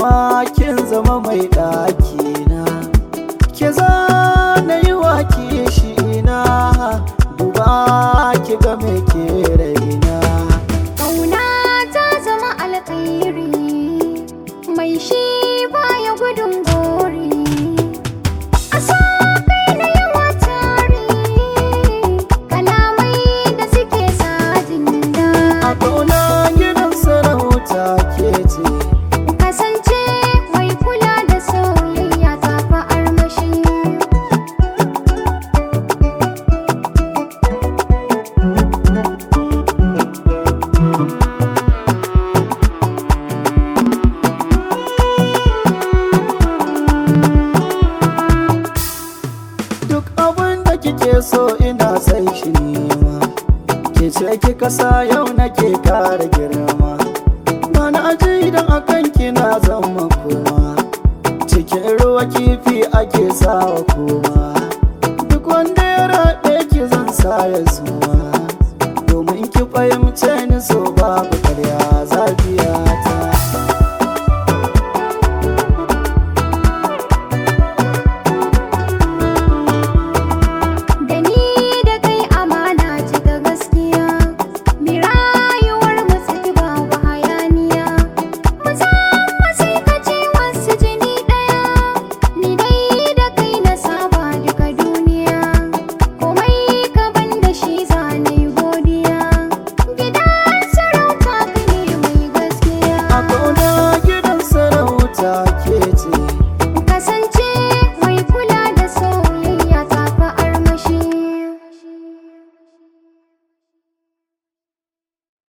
ma kin zama mai ɗaki na ke za na yi wa kishi na Duba ki ga mai ke raina Kauna ta zama alkhairi Mai shi so ina sai shi nema ke ce ki kasa yau nake kara girma mana aje aji idan akan kina zama kuma cikin ruwa kifi ake sawa kuma duk wanda ya raɗe ki zan sa ya suma domin ki fahimce ni so babu karya